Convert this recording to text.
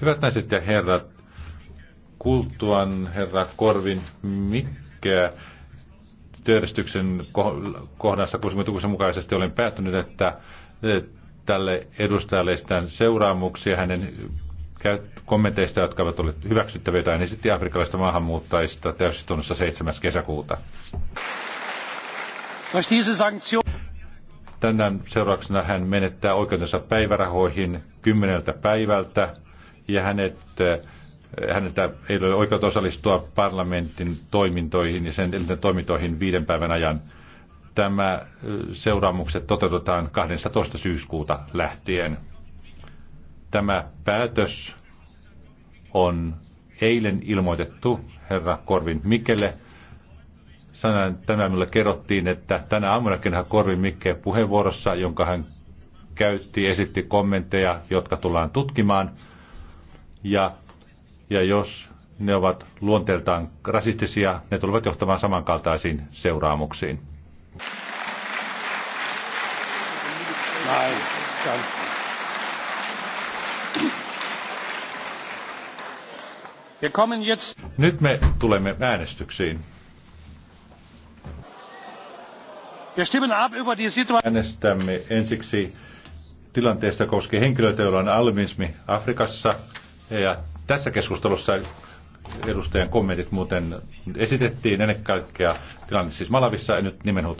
Hyvät naiset ja herrat, kultuan herra Korvin Mikkeä työjärjestyksen kohdassa 66 mukaisesti olen päättynyt, että tälle edustajalle esitään seuraamuksia hänen kommenteista, jotka ovat olleet hyväksyttäviä tai esitti afrikkalaista maahanmuuttajista täysistunnossa 7. kesäkuuta. Tänään seurauksena hän menettää oikeutensa päivärahoihin kymmeneltä päivältä ja hänet, eh, häneltä ei ole oikeutta osallistua parlamentin toimintoihin ja sen elinten toimintoihin viiden päivän ajan. Tämä eh, seuraamukset toteutetaan 12. syyskuuta lähtien. Tämä päätös on eilen ilmoitettu herra Korvin Mikelle – Sanan, tänään minulle kerrottiin, että tänä aamunakin hän korvi Mikkeen puheenvuorossa, jonka hän käytti, esitti kommentteja, jotka tullaan tutkimaan. Ja, ja jos ne ovat luonteeltaan rasistisia, ne tulevat johtamaan samankaltaisiin seuraamuksiin. Näin. Nyt me tulemme äänestyksiin. Äänestämme ensiksi tilanteesta koskee henkilöitä, joilla on albinismi Afrikassa. Ja tässä keskustelussa edustajan kommentit muuten esitettiin ennen kaikkea tilanne siis Malavissa ja nyt nimenhuuto